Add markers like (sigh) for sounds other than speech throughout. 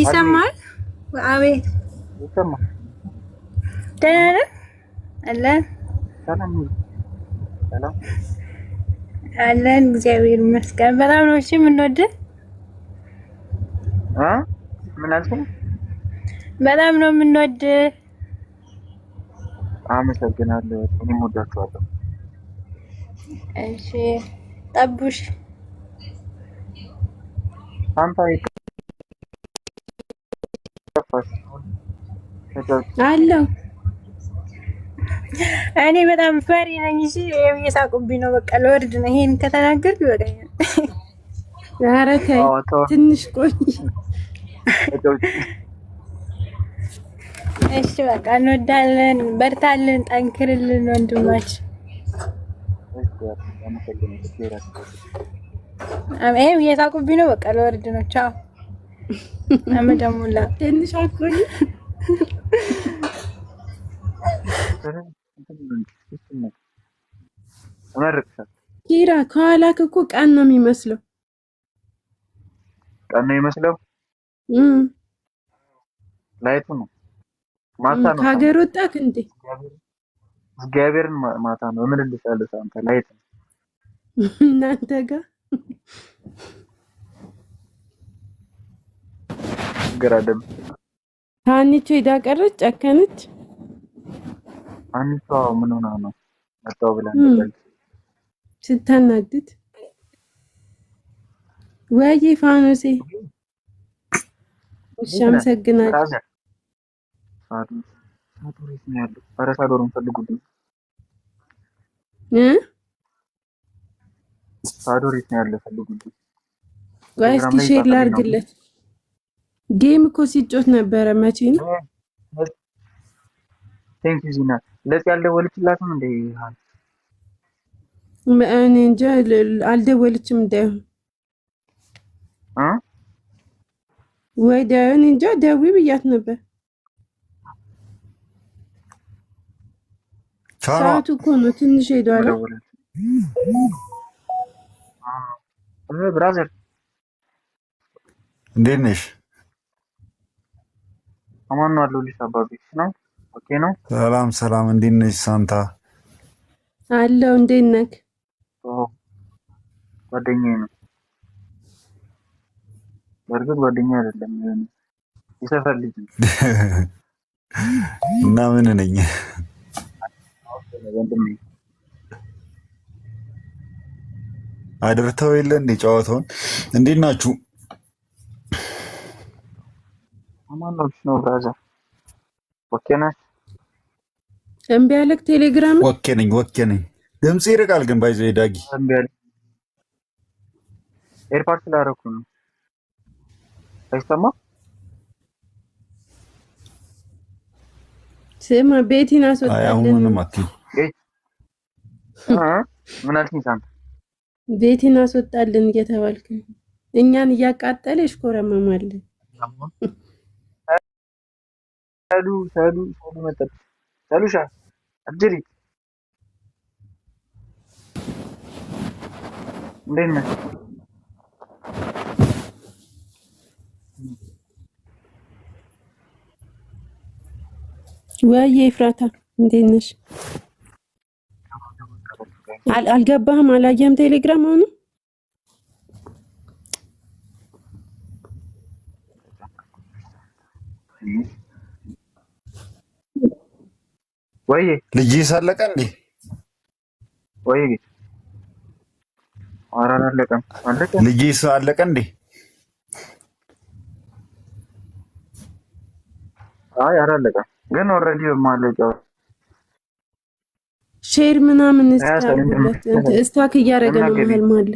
ይሰማል? አቤት ይሰማል። ደህና ነህ? አለን አለን። እግዚአብሔር ይመስገን። በጣም ነው እሺ የምንወድህ። ምን አልሽኝ? በጣም ነው የምንወድህ። አመሰግናለሁ። እኔም ወዳችኋለሁ። እሺ ጠቡሽ አንተ አለው እኔ በጣም ፈሪ ነኝ። እሺ እየሳቁብኝ ነው። በቃ ለወርድ ነው። ይሄን ከተናገርኩ ይበቃኛል። ኧረ ተይ ትንሽ ቆይ። እሺ በቃ እንወዳለን። በርታልን፣ ጠንክርልን ወንድማችን። ይሄም እየሳቁብኝ ነው። በቃ ለወርድ ነው። ቻው አመደሙላ ትንሽ አቆይ ኪራ ከኋላክ እኮ ቀን ነው የሚመስለው። ቀን ነው የሚመስለው። ላይቱ ነው ማታ ነው። ከሀገር ወጣክ እንዴ? እግዚአብሔርን ማታ ነው። ምን ልሳለስ አንተ ላይት ነው (laughs) እናንተ ጋ ገራደም ታንቹ ሄዳ ቀረች፣ ጨከነች። አንቺ ምን ሆና ነው መጣው ብለን ስታናድድ ወይ ፋኖሴ እሺ፣ አመሰግናለሁ። ሳዶሪት ነው ያለው? ፈልጉልኝ። ቆይ እስኪ ሼር ላድርግለት። ጌም እኮ ሲጮት ነበረ። መቼ ነው? ቴንክ ዚና ለጽ ያልደወለችላትም እንደ እኔ እንጃ አልደወለችም። እንዳይሆን ወይ እኔ እንጃ ደዊ ብያት ነበር። ሰዓቱ እኮ ነው ትንሽ ሄዷል። ብራዘር እንዴት ነሽ? አማኑ አለው። ልጅ አባቢ ነው። ኦኬ ነው። ሰላም ሰላም፣ እንዴት ነሽ ሳንታ? አለው እንዴት ነክ? ጓደኛዬ ነው። በእርግጥ ጓደኛ አይደለም፣ ይሆን የሰፈር ልጅ እና ምን ነኝ አድርተው የለ እንዴ ጨዋታውን። እንዴት ናችሁ? ማነው ነው ብራዘር? ወኬ ነህ? እምቢ አለክ? ቴሌግራም ወኬ ነኝ፣ ወኬ ነኝ። ድምጽ ይርቃል ግን ባይዘ ዳጊ እምቢ አለክ? ኤርፓርት ስላደረኩ ነው። አይሰማም። ስማ ቤቲን አስወጣልን። ምንም አትይም። ምን አልሽኝ? ሳንታ ቤቲን አስወጣልን እየተባልክ እኛን እያቃጠለሽ ኮረመማለን። ሰሉ ሰሉ soorumatatti salushaa Abdirii እንዴት ነህ? ወይዬ ኤፍራታ እንዴት ነሽ? አል- አልገባህም? አላየህም? ቴሌግራም አሁን ወይ ልጅ ሳለቀ እንዴ? ወይ ኧረ አላለቀም። አለቀ ልጅ ሳለቀ እንዴ? አይ አላለቀም፣ ግን ኦልሬዲ ማለቀው ሼር ምናምን እስታክ እያደረገ ነው መሀል መሀል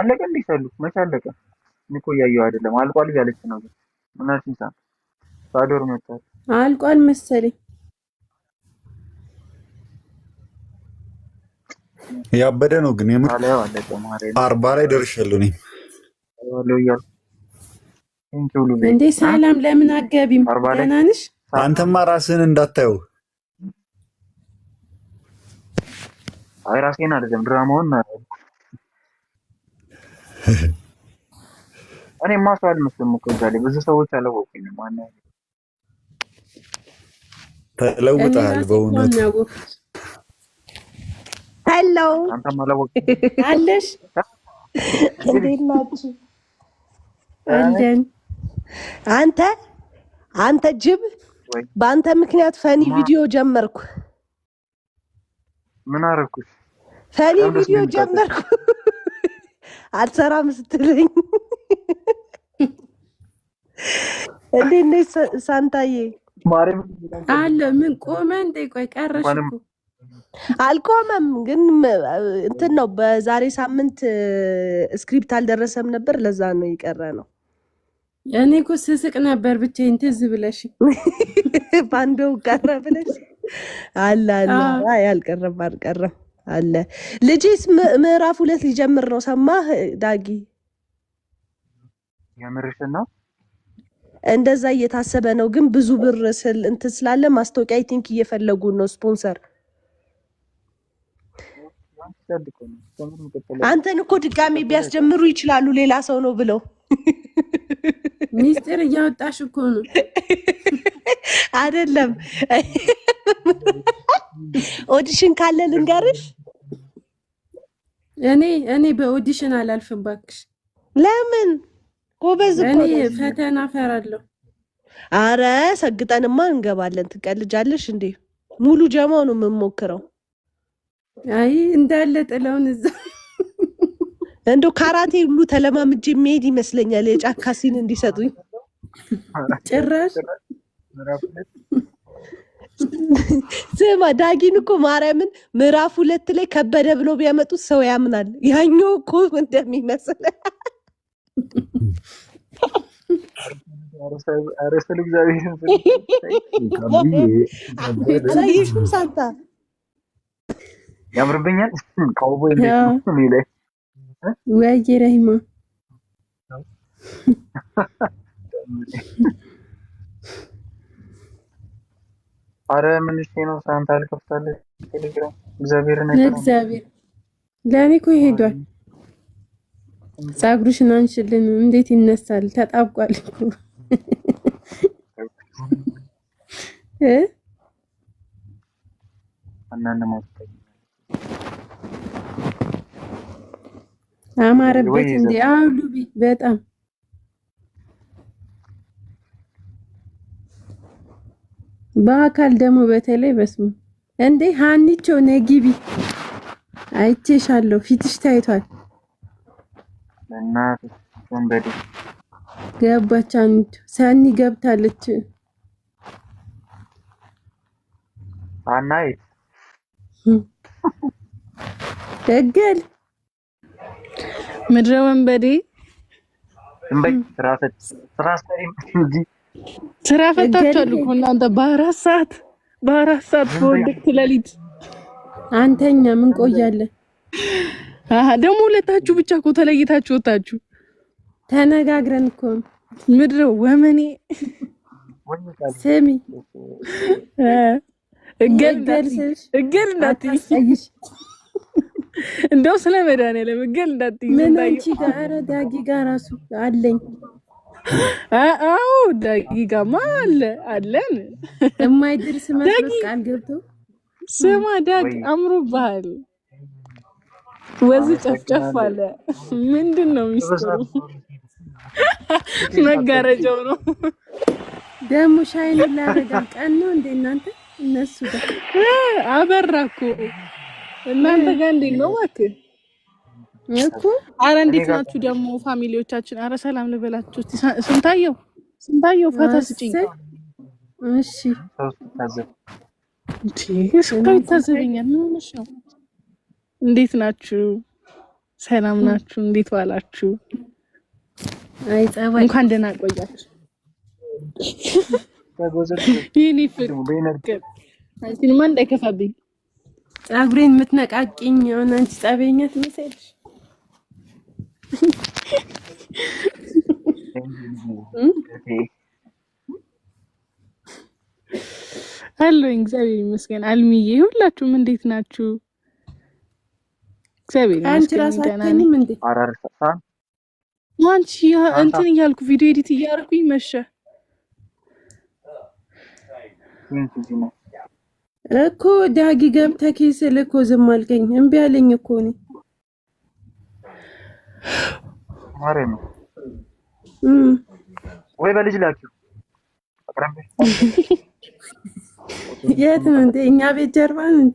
አለቀ እንዴ? ሳሉ መቼ አለቀ? እኔ እኮ እያየሁ አይደለም። አልቋል እያለች ነው። ምን አልሽኝ? ሳ ሳዶር መጣል አልቋል መሰለኝ። ያበደ ነው ግን የምር አርባ ላይ ደርሻለሁ። እንዴ ሰላም፣ ለምን አገቢም? ደህና ነሽ? አንተማ ራስህን እንዳታየው። አይ ራሴን አይደለም ድራማውን (laughs) እኔ ማሰው አልመስልም እኮ እዛ ብዙ ሰዎች አላወቁኝም። ማ ተለውጠሃል በእውነት ሄሎ፣ አለሽ። እንዴት አንተ አንተ ጅብ፣ በአንተ ምክንያት ፈኒ ቪዲዮ ጀመርኩ። ምን አደረኩሽ? ፈኒ ቪዲዮ ጀመርኩ። አልሰራም ስትለኝ እንዴት ነሽ ሳንታዬ? አለ ምን ቆመ እንዴ? ቆይ ቀረሽ እኮ። አልቆመም ግን እንትን ነው። በዛሬ ሳምንት ስክሪፕት አልደረሰም ነበር። ለዛ ነው የቀረ ነው። እኔ እኮ ስስቅ ነበር ብቻዬን ትዝ ብለሽ (laughs) ባንዶው ቀረ ብለሽ አለ አለ። አይ አልቀረም አልቀረም አለ። ልጅስ ምዕራፍ ሁለት ሊጀምር ነው። ሰማህ ዳጊ? የምርሽን ነው እንደዛ እየታሰበ ነው። ግን ብዙ ብር ስል እንትን ስላለ ማስታወቂያ አይ ቲንክ እየፈለጉ ነው ስፖንሰር። አንተን እኮ ድጋሚ ቢያስጀምሩ ይችላሉ ሌላ ሰው ነው ብለው ሚስጢር እያወጣሽ እኮ ነው አይደለም። ኦዲሽን ካለ ልንገርሽ። እኔ እኔ በኦዲሽን አላልፍም ለምን ጎበዝ እኮ ፈተና ፈራለሁ። አረ ሰግጠንማ እንገባለን። ትቀልጃለሽ እንዴ? ሙሉ ጀማው ነው የምሞክረው። አይ እንዳለ ጥለውን እዛ (laughs) እንዶ ካራቴ ሁሉ ተለማምጄ የሚሄድ ይመስለኛል። የጫካ ሲን እንዲሰጡኝ ጭራሽ ስማ ዳጊን እኮ ማርያምን ምዕራፍ ሁለት ላይ ከበደ ብሎ ቢያመጡት ሰው ያምናል። ያኛው እኮ እንደሚመስል አረሰል እግዚአብሔር ሳንታ ያምርብኛል። ካውቦይ ላይ ወይ ረሂማ አረ ምንሽ ነው ሳንታ አልከፍታለች ቴሌግራም እግዚአብሔር ለእኔ እኮ ይሄዷል ጸጉርሽን አንሽልን። እንዴት ይነሳል? ተጣብቋል እኮ አማረበት እንዴ? አሉ በጣም በአካል ደግሞ በተለይ በስሙ እንዴ ሀኒቾ ነግቢ አይቼሻለሁ። ፊትሽ ታይቷል። ገባች። አንድ ሰኒ ገብታለች። አናይት ደገል ምድረ ወንበዴ ስራ ፈታችኋል እኮ እናንተ በአራት ሰዓት በአራት ሰዓት በወንድቅ ትለሊት አንተኛ ምን ቆያለን ደግሞ ሁለታችሁ ብቻ እኮ ተለይታችሁ ወጣችሁ። ተነጋግረን እኮ ምድረ ወመኔ ስሚ እገል እንዳትይ እንደው ስለ መድኃኒዓለም እገል እንዳትዪ። ምን አንቺ ጋር ዳጊ ጋር እራሱ አለኝ። አዎ ዳጊ ጋማ አለ አለን። የማይደርስ መስሎት ቃል ገብቶ ስማ ዳጊ አምሮብሃል ወዝ ጨፍጨፍ አለ። ምንድን ነው ሚስጥሩ? (laughs) መጋረጃው ነው ደግሞ። ሻይን ላረጋል ቀን ነው እንደ እናንተ እነሱ ጋር አበራ እናንተ ጋር እንዴት ነው ዋክ እኮ። አረ እንዴት ናችሁ ደግሞ ፋሚሊዎቻችን? አረ ሰላም ልበላችሁ። ስንታየው ስንታየው ፈታ ስጭኝ። እሺ እስከ ይታዘበኛል። ምን ሆነሽ ነው እንዴት ናችሁ? ሰላም ናችሁ? እንዴት ዋላችሁ? እንኳን ደህና ቆያችሁ። ይህን (laughs) እንዳይከፋብኝ ጸጉሬን የምትነቃቂኝ የሆነ አንቺ ጸበኛ ትመስያለሽ። አለኝ እግዚአብሔር ይመስገን። አልሚዬ ሁላችሁም እንዴት ናችሁ? እግዚአብሔር አንቺ እንትን እያልኩ ቪዲዮ ኤዲት እያደረኩኝ መሸ። እኮ ዳጊ ገብተህ ኬስ ዝም አልከኝ፣ እምቢ አለኝ እኮ እኔ ወይ በልጅ የት ነው እንዴ? እኛ ቤት ጀርባ ነው እንዴ?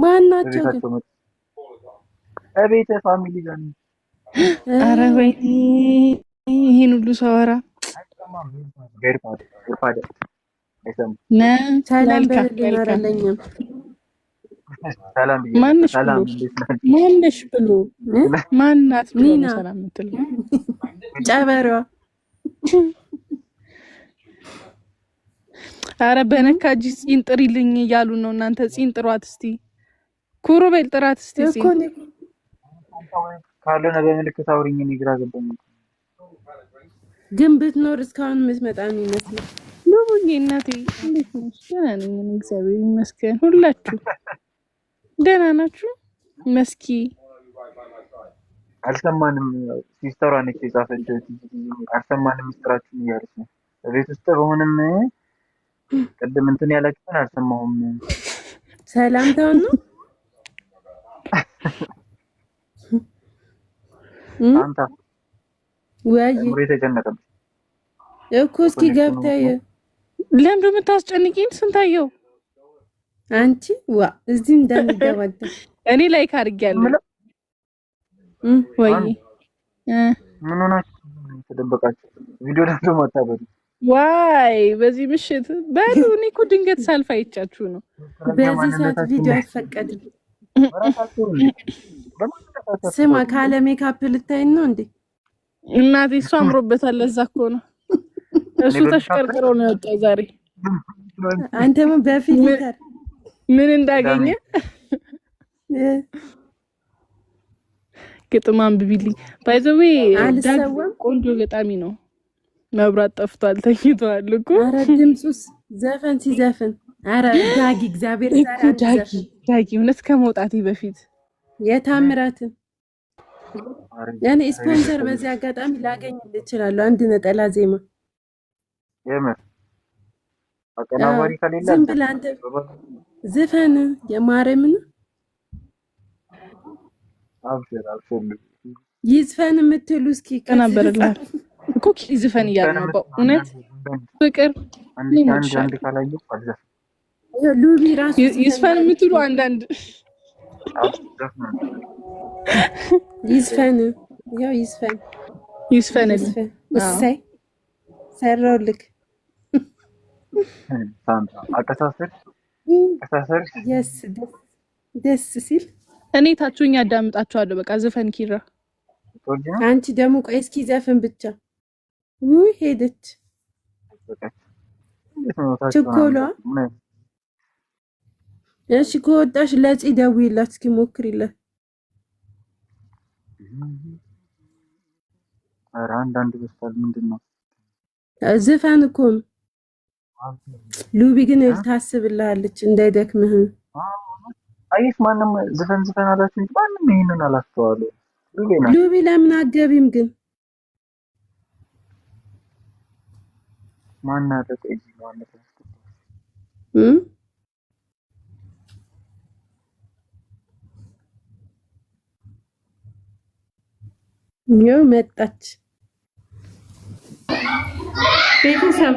ማን ናቸው ግን? እቤተ ፋሚሊ ጋር ሁሉ ሳወራ ማነሽ ብሎ ማናት አረ ፂን ጥሪልኝ እያሉ ነው እናንተ ፂን ጥሯት እስቲ ኩሩቤል ጥራት እስቲ ካልሆነ በምልክት አውሪኝ። እኔ ግራ ገባኝ። ግን ብትኖር እስካሁን የምትመጣ የሚመስል ሉቡዬ፣ እናቴ እንዴት ነሽ? ደህና ነኝ እግዚአብሔር ይመስገን። ሁላችሁ ደህና ናችሁ? መስኪ አልሰማንም። ሲስተሯ ነች የጻፈች። አልሰማንም ሚስጥራችሁን እያለች ነው ቤት ውስጥ በሆንም ቅድም እንትን ያላችሁን አልሰማሁም። ሰላምታውን ነው አንተ ወይ እኮ እስኪ ገብተህ ለምን የምታስጨንቂኝ? ስንታየው አንቺ ዋ እዚህ እንዳንደባደ (laughs) እኔ ላይክ አድርጌያለሁ። ወይ ምን ሆናችሁ ተደበቃችሁ? ቪዲዮ ደግሞ አታበሉ። ዋይ በዚህ ምሽት በሉ። እኔ እኮ ድንገት ሳልፍ አይቻችሁ ነው። በዚህ ሰዓት ቪዲዮ አይፈቀድም። ስማ ካለ ሜካፕ ልታይ ነው እንዴ? እናቴ እሱ አምሮበታል። ለዛ እኮ ነው እሱ ተሽቀርቅሮ ነው የወጣው ዛሬ። አንተም በፊልተር ምን እንዳገኘ ግጥም አንብቢልኝ። ባይዘዌ ቆንጆ ገጣሚ ነው። መብራት ጠፍቷል፣ ተኝተዋል እኮ ኧረ ድምፁስ ዘፈን ሲዘፍን ኧረ ዳጊ እግዚአብሔር ዳጊ ዳጊ እውነት ከመውጣቴ በፊት የታምራትን ያኔ ስፖንሰር በዚህ አጋጣሚ ላገኝ እችላለሁ። አንድ ነጠላ ዜማ የምር አቀናባሪ ከሌለ ዝም ብለህ አንተ ዝፈን የማርያምን ይዝፈን የምትሉ እስኪ ከነበርላት እኮ ዝፈን እያለ ነው በእውነት ፍቅር አንድ ይስፈን የምትሉ አንዳንድ ይስፈን ያው ይስፈን ይስፈን እሰይ ሰራውልክ ደስ ሲል እኔ ታችሁኝ አዳምጣችኋለሁ። በቃ ዘፈን ኪራ፣ አንቺ ደግሞ ቆይ እስኪ ዘፍን ብቻ። ውይ ሄደች ችኮሏ እሺ ከወጣሽ ለጽ ደውይላት፣ እስኪ ሞክሪላት። ኧረ አንዳንድ በስታል ምንድን ነው ዝፈን እኮ ሉቢ ግን ታስብልሃለች፣ እንዳይደክምህ። አየሽ ማንም ዝፈን ዝፈን አላችሁ እንጂ ማንም ይሄንን አላስተዋለ። ሉቢ ለምን አገቢም ግን ማናለቀ ማናለቀ መጣች ቤተሰብ